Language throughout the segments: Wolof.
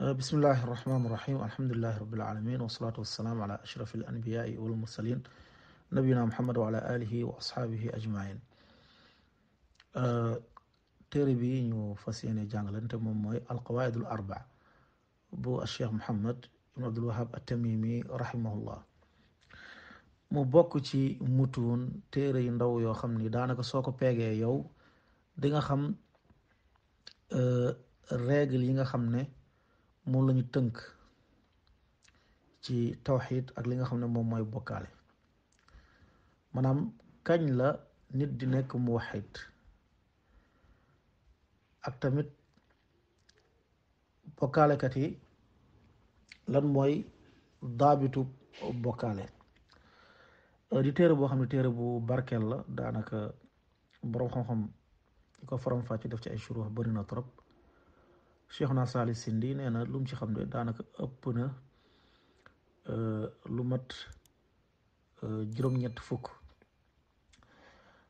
آه، بسم الله الرحمن الرحيم الحمد لله رب العالمين والصلاة والسلام على أشرف الأنبياء والمرسلين نبينا محمد وعلى آله وأصحابه أجمعين آه، تربي نيو فاسيني جانغل انت موي القواعد الأربع بو الشيخ محمد بن عبد الوهاب التميمي رحمه الله مو بوك موتون تيري ندو يو خامني دانكا سوكو بيغي يو ديغا خام آه، règle yi nga xam ne moom lañu tënk ci tawxiit ak li nga xam ne moom mooy bokkaale maanaam kañ la nit di nekk mu muwaxid ak tamit bokkaalekat yi lan mooy daabitu bokkaale euh, di téere boo xam ne téere bu barkeel la daanaka boroom xam-xam ko faram fàcc def ci ay shuruux bari na trop Cheikh na Salih Sindi nee na lu ci xam ne daanaka ëpp na euh, lu mat euh, juróom-ñett fukk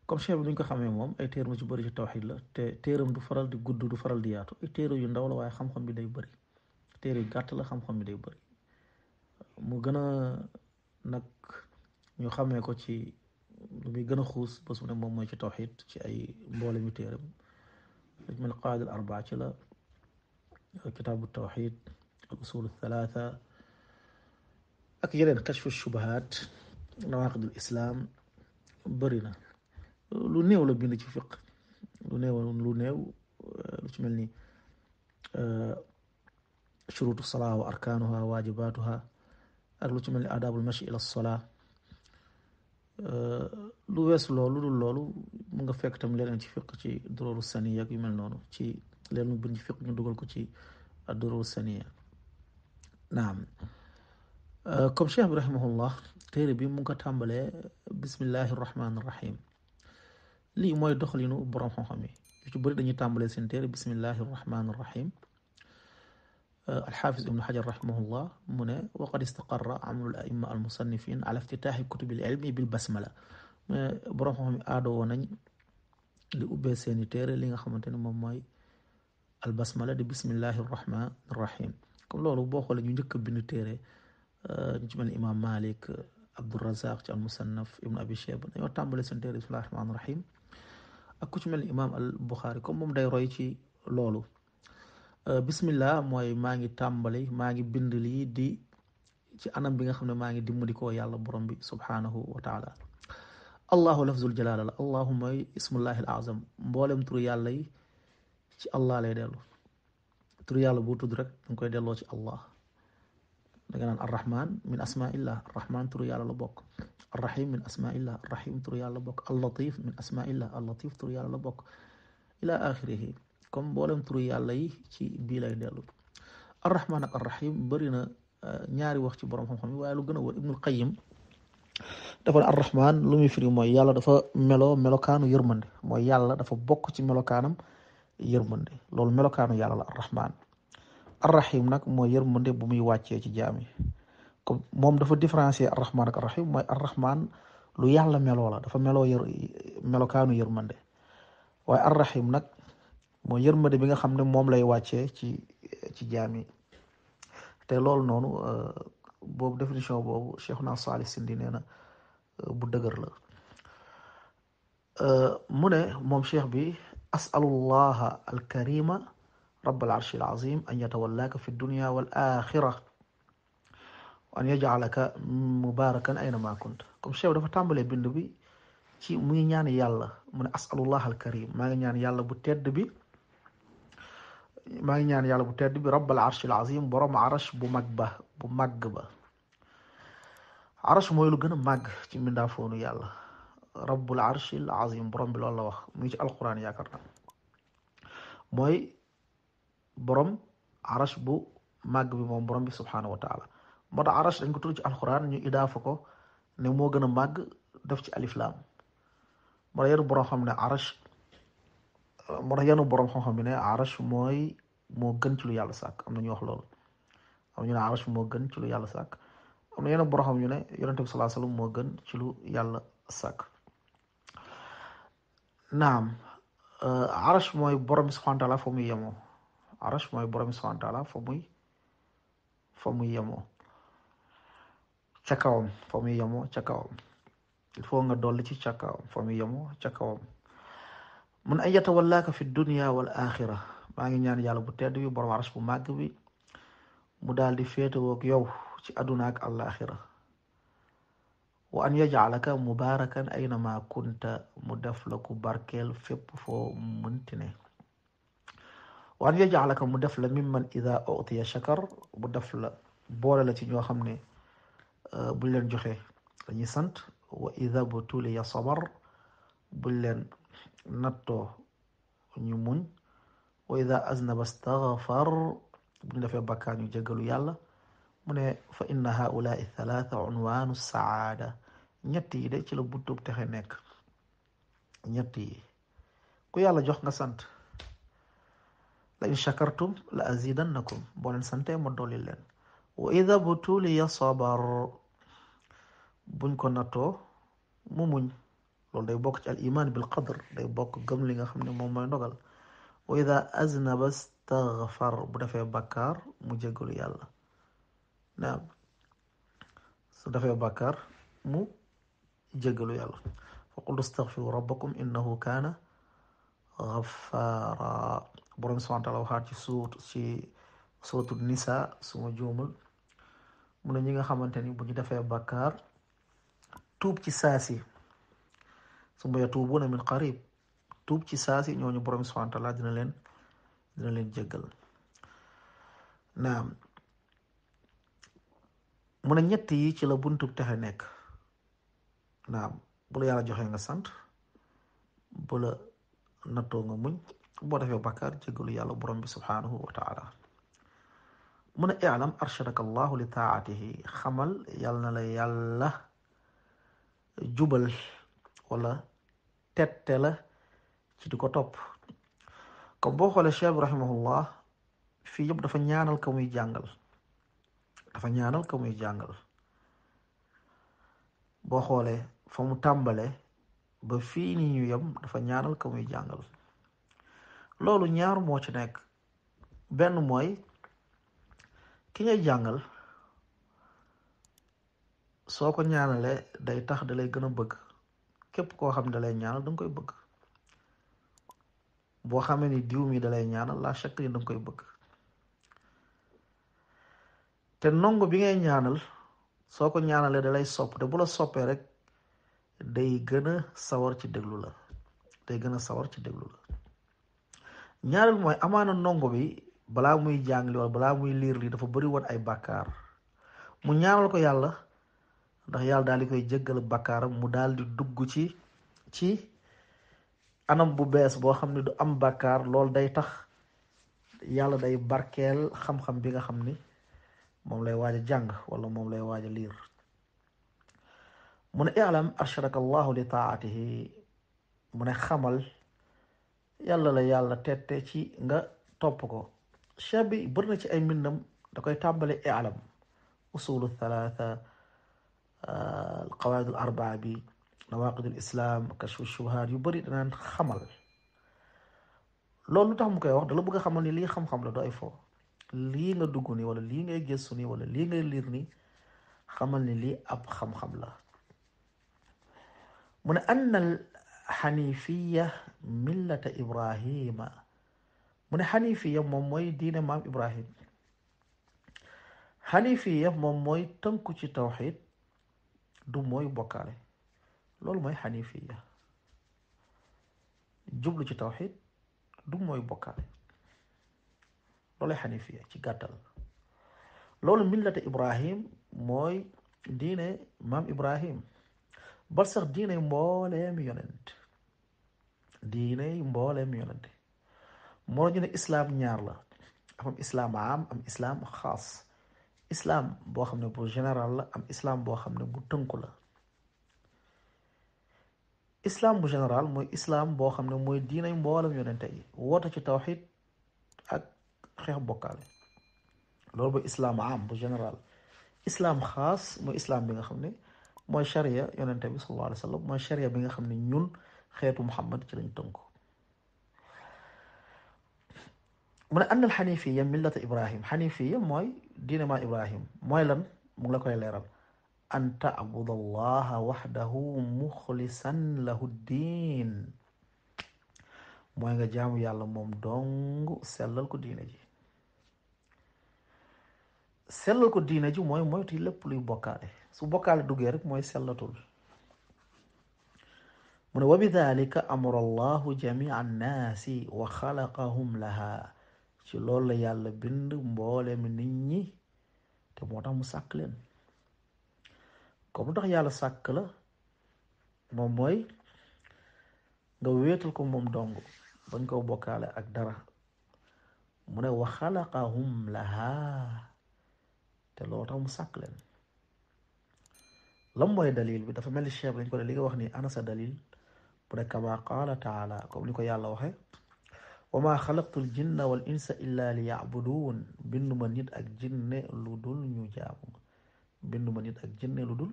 comme cheikh bi lu ñu ko xamee moom ay téeram ci bari ci tawxid la te téeram du faral di gudd du faral di yaatu ay téere yu ndaw la waaye xam-xam bi day bëri téere yi gàtt la xam-xam bi day bari mu gën a nag ñu xamee ko ci lu muy gën a xuus ba su ne moom mooy ci tawxid ci ay mboole yu téeram dañ mel qaadil arbaa ci la kitaabu tawxid al ak yeneen kashfu shubahat nawaqidul islaam bëri na lu néew la bind ci fiq lu néew lu néew lu ci mel ni shurutu salaa wa arkaanuha waajibatuha ak lu ci mel ni adabul mashi ila sola lu weesu loolu dul loolu mu nga fekk tam leneen ci fiq ci durooru sani ak yu mel noonu ci لأنه بنفق ندخل كذي الدروس الثانية نعم كم شيخ رحمه الله تيري بي مونكا تامبل بسم الله الرحمن الرحيم لي موي دخل ينو بروم خامي جي بري داني تامبل سين تيري بسم الله الرحمن الرحيم الحافظ ابن حجر رحمه الله من وقد استقر عمل الائمه المصنفين على افتتاح كتب العلم بالبسمله بروم خامي ادو ناني لي اوبي سين تيري ليغا خامتاني موم albasmala di bismillahi rahman rahim comme loolu boo xoolee ñu njëkk a bind téere ñu ci mel imam malik abdurazaq ci almusannaf ibnu abi shayba dañoo tàmbale seen téere bismillahi rahman rahim ak ku ci mel imam al buxaari comme moom day roy ci loolu bismillah mooy maa ngi tàmbali maa ngi bind lii di ci anam bi nga xam ne maa ngi dimbali koo yàlla borom bi subhanahu wa taala allahu lafzul jalaala la allahu mooy ismullahi al azam mboolem turu yàlla yi ci allah lay delu turu yalla boo tudd rek dang koy delo ci allah nan ar rahman min asmaillah Rahman turu yalla la ar-rahim min asmaillah Rahim turu yalla la al-latif min asmaillah al-latif turu yalla la bok ila akhirih. comme bolem turu yalla yi ci bi lay ar-rahman ak ar-rahim bari na eh, ñaari wax ci borom xam-xam waye lu gëna wër ibnul Qayyim. dafa ar rahman lu mi firi moy yalla dafa melo melokanu yermande moy yalla dafa bok ci melokanam. yërmande loolu melokaanu yàlla la arrahman arrahim nag mooy yërmande bu muy wàccee ci jaam yi moom dafa différencier arrahman ak arrahim mooy arrahman lu yàlla meloo la dafa melo yër melokaanu yërmande waaye arrahim nag mooy yërmande bi nga xam ne moom lay wàccee ci ci jaam yi te loolu noonu euh, boobu définition boobu Cheikhuna Salih Sindi nee na euh, bu dëgër la euh, mu moom cheikh bi أسأل الله الكريم رب العرش العظيم أن يتولاك في الدنيا والآخرة وأن يجعلك مباركا أينما كنت كم شيخ دا فا تامبالي بند بي تي موي نيان من أسأل الله الكريم ماغي نيان يالا بو بي ماغي نيان يالا بو بي رب العرش العظيم بروم عرش بو مغبا عرش موي لو گنا مغ تي مندا rabbul arshil azim borom bi loolu la wax muy ci alquran yaakaar na mooy borom arash bu màgg bi moom borom bi subhanahu wa moo tax arash dañ ko tudd ci alquran idaafa ko ne moo gën a màgg def ci alif laam moo tax yenn borom xam ne arash moo mooy moo gën ci lu yàlla sàkk am na ñu wax lool am ñu ne arash moo gën ci lu yàlla sàkk am moo gën ci lu naam uh, arash mooy borom bi subhanahu wa taala fa muy yemoo arash mooy borom bi subhanahu wa taala fa muy fa ca kawam fa muy ca kawam il nga dolli ci ca kawam fa muy ca kawam mun an yatawallaaka fi dunia wal maa ngi ñaan yàlla bu tedd bi borom arash bu màgg bi mu daal di féetewoo ak yow ci àdduna ak وأن يجعلك مباركا أينما كنت مدف لك باركيل فيب فو منتني وأن يجعلك مدف ممن إذا أعطي شكر مدف بولا التي نيو خمني آه، بلن جخي رجي سنت وإذا بطولي صبر بلن نتو نيمون وإذا أزنب استغفر بلن دفع بكان يجغلو يالله mu ne fa inna haulaai thalatha unwaanu saada ñett yi de ci la buntub texe nekk ñett ku yàlla jox nga sant la in shakartum la azidannakum boo sante ma dolli leen butuliya sabar buñ ko nattoo mu muñ loolu day bokk ci al iman bil qadr day bokk gëm li nga xam ne moom mooy ndogal wa ida aznaba staghfar bu defee bakkaar mu jéggalu yàlla naam su defee bàkkaar mu jegalu yalla fa qul astaghfiru rabbakum innahu kana ghaffara borom subhanahu wa taala waxaat ci suurat ci suuratu nisa suma juumul mu ne ñi nga xamanteni bu ñu defee bàkkaar tuub ci saasi summa yatuubuna min qarib tuub ci saasi ñu borom subhanahu wa taala dina len dina len jegal naam mu ne ñett yi ci la buntub texe nekk naam bu la yàlla joxee nga sant bu la nattoo nga muñ boo defee bakkaar jéggalu yàlla borom bi subhanahu wa taala mu ne i'lam arshadaka allahu li taatihi xamal yàlla na la yàlla jubal wala tette ci di ko topp comme boo xoolee cheikh bi rahimahullah fii yëpp dafa ñaanal ka muy jàngal dafa ñaanal ka muy jàngal boo xoolee fa mu tàmbale ba fii nii ñu yem dafa ñaanal ka muy jàngal loolu ñaar moo ci nekk benn mooy ki ngay jàngal soo ko ñaanalee day tax dalay lay gën a bëgg képp koo xam ne da lay ñaanal da koy bëgg boo xamee ni diw mi dalay ñaanal laa chaque ni da koy bëgg te nongo bi ngay ñaanal soo ko ñaanalee da lay sopp te bu la soppee rek day gën a sawar ci déglu la day gën a sawar ci déglu la ñaareel mooy amaana ndongo bi balaa muy jàng li wala balaa muy liir li dafa bari woon ay bàkkaar mu ñaanal ko yàlla ndax yàlla daal di koy jéggal bàkkaaram mu daal di dugg ci ci anam bu bees boo xam ne du am bàkkaar lool day tax yàlla day barkeel xam-xam bi nga xam ni موم لاي واجا جانغ ولا موم لاي واجا لير من اعلم اشرك الله لطاعته من خمل يلا لا يلا تتي شي nga top ko shabi burna ci ay minnam da koy tambale i'lam usul الثلاثه القواعد الاربعه بي نواقض الاسلام كشف الشبهات يبري دنا خمل لولو تخ مكاي واخ دا لو بغا خمل لي خم خم لا دو اي فو lii nga dugg nii lii ngay gëstu nii wala lii ngay liir nii xamal ni lii ab xam-xam la mu ne anna xanifiya millata ibrahima mu ne xanifiya moom mooy diine maam ibrahim xanifiya moom mooy tënku ci tawxid du mooy bokkaale loolu mooy xanifiya jublu ci tawxid du mooy bokkaale loolay xanifiya ci gàttal loolu millata ibrahim mooy diine maam ibrahim ba sax diine mbooleem yonent diine mbooleem yonent moo ñu islaam ñaar la am islaam am am islaam xaas islaam boo xam ne bu général la am islaam boo xam ne bu tënku la islaam bu général mooy islaam boo xam ne mooy diine mboolem yonente yi woote ci tawxid xeex bokkaale loolu mooy islam am bu général islaam xaas mooy islam bi nga xam ne mooy sharia yonente bi sallallahu alayhi mooy sharia bi xam ne ñun xeetu Muhammad ci lañ tënku mu ne ann al xanifiya mooy diine mooy lan mu ngi la koy leeral an taabuda allaha waxdahu muxlisan lahu diin mooy nga jaamu yàlla moom dong sellal ko diine ji moy moytu lépp luy bokkaale su bokkaale duggee rek mooy sellatul mu ne wa bidalika amara allahu jamia annaasi wa xalaqahum laha ci loolu la yàlla bind mboolem nit ñi te moo tax mu sàkk leen comme tax yàlla sàkk la moom mooy nga wéetal ko moom dong bañ ko bokkaale ak dara mu ne wa xalaqahum laha te loolu tax mu sàkk leen lan mooy bi dafa mel ni cheikh dañ li nga wax ni ana sa dalil bu ne kama qaala taala comme li ko yàlla waxe wa ma xalaqtul jinna wal insa illa li yacbuduun bindu ma nit ak jinne lu dul ma nit ak jinne lu dul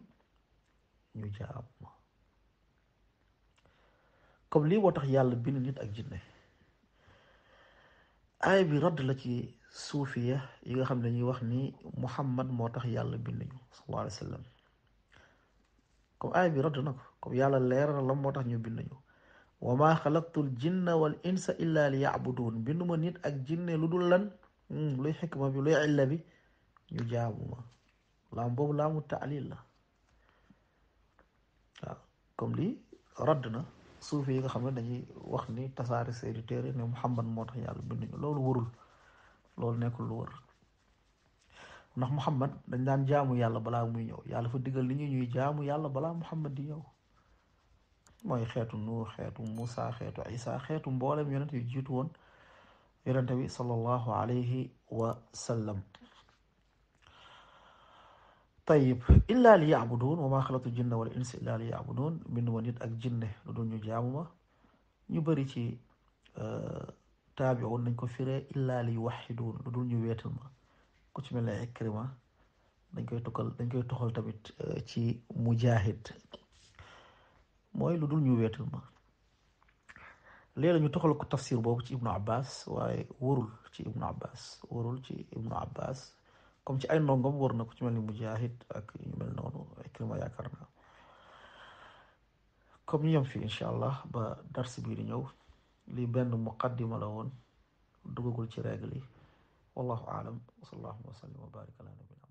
ñu jaamu ma lii boo tax yàlla bindu nit ak jinne aay bi radd la ci suufiya yi nga xam ne dañuy wax ni muhammad moo tax yàlla bind ñu sallallahu alayhi wa sallam comme aaya bi rodd na ko comme yàlla leeral la moo tax ñu bind ñu wa maa xalaqtul jinna wal insa illa li yacbuduun binduma nit ak jinne lu dul lan luy xikma bi luy illa bi ñu jaamuma laam boobu laamu taalil la waaw comme lii rodd na suufi yi nga xam ne dañuy wax ni tasaari seeni téere ne muhammad moo tax yàlla bind ñu loolu warul loolu nekkul lu wër ndax Muhammad dañ daan jaamu yàlla balaa muy ñëw yàlla fa digal li ñu ñuy jaamu yàlla balaa Muhammad di ñëw mooy xeetu Nuux xeetu Musa xeetu Isa xeetu mboolem yonent yu jiitu woon yonent bi sallallahu alayhi wa sallam tayib illaa li yacbuduun wa maa xalaqtu jinna wal insa illaa li yacbuduun bind ma nit ak jinne lu dul ñu jaamu ma ñu bari ci uh, taabiun nañ ko firee illaa li yuwaxiduun lu dul ñu weetal ma ku ci mel ne Ikrima dañ koy tokkal dañ koy toxal tamit eh, ci Mujahid mooy lu dul ñu weetal ma léeg-la ñu toxal ko tafsir boobu ci Ibnu Abbas waaye warul ci Ibnu Abbas warul ci Ibnu Abbas comme ci ay ndongom war na ku ci mel ni Mujahid ak ñu mel noonu Ikrima yaakaar naa comme ñu yem fi incha allah ba darsi bii di ñëw lii benn muqaddima la woon duggagul ci règle yi wallahu aalam wa sallallahu wa sallam wa barik ala nabina